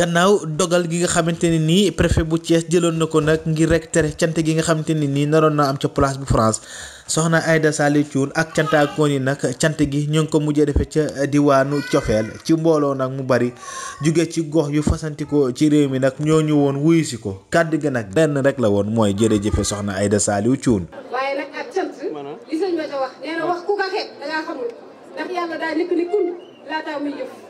gannaaw dogal gi nga xamante ne nii préfet bu cees jëloon na ko nag ngir rek tere cant gi nga xamante ni nii naroon na am ca place bu France soxna Aïda Saliou Thioune ak cantaakoon yi nag cant gi ñu ngi ko mujjee defee ca diwaanu Cofeel ci mbooloo nag mu bari jóge ci gox yu fasantikoo ci réew mi nag ñoo ñu ko kàddu nag benn rek la woon mooy jële jëfe soxna Aïda Saliou Thioune. waaye nag ak cant li sëñ bi wax nee na wax ku ko xeeb xamul ndax yàlla daa nekk ni kun laataa muy jëf.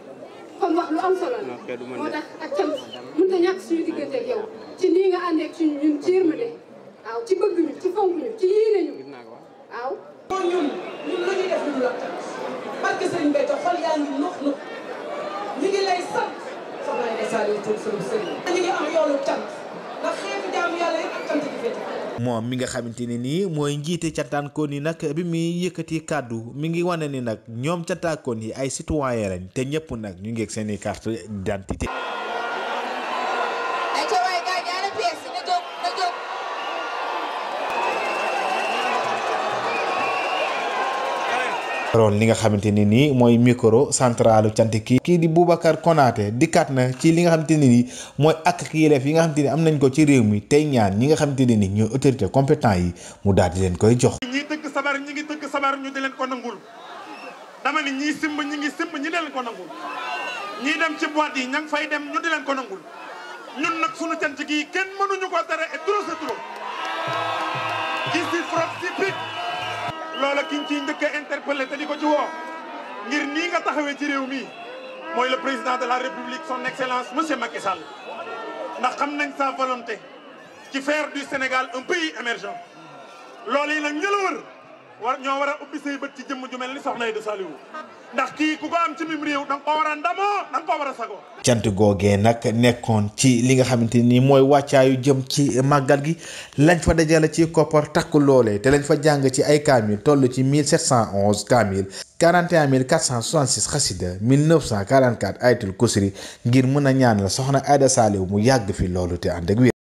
kon wax lu am solo la moo tax ak cant mënut a ñàkk suñu diggante ak ci nii nga àndee ak suñu ñun ci yërmande waaw ci bëgg ñu ci fonk ñu ci yéene ñu waaw. ñun ñun lu def lu la cant barke sëriñ Béthio xol yaa ngi nux nux ñu ngi lay sant soxna Ndeye Saliou Thioune sëriñ moom mi nga xamante ni nii mooy njiite cantaankoon yi nag bi muy yëkkati kàddu mi ngi wane ni nag ñoom cantaankoon yi ay citoyen lañ te ñëpp nag ñu ngeeg seeni i carte roon li nga xamante ni nii mooy micro centralu Cantiki kii di Boubacar di dikkaat na ci li nga xamante ni nii mooy ak ak yi nga xam xamante ni am nañ ko ci réew mi tey ñaan ñi nga xamante ni nii ñooy autorité compétent yi mu daal di leen koy jox ñi tëgg sabar ñi ngi tëgg sabar ñu di leen ko nangul dama ni ñii simb ñi ngi simb ñi di leen ko nangul ñii dem ci boîte yi ña ngi fay dem ñu di leen ko nangul ñun nag sunu cant gi kenn mënuñu ko tere wala ki ñu ciy njëkk a interpellé di ko ci woo ngir nii nga taxawee ci réew mi mooy le président de la république son excellence monsieur Macky Sall ndax xam nañ sa volonté ci faire du Sénégal un pays émergent loolu yi nag ñu war ñoo war ubbi say bët ci jëmm ju mel soxna Aida ndax kii ku ko am ci mim réew da nga koo ndamoo da nga koo war a googee nag nekkoon ci li nga xamante nii mooy wàccaayu jëm ci màggal gi lañ fa dajale ci koppar takk loolee te lañ fa jàng ci ay kaamil toll ci 1711 kaamil 41 466 xasida 1944 ayatul kusri ngir mën a ñaanal soxna Aida Saliou mu yàgg fi lool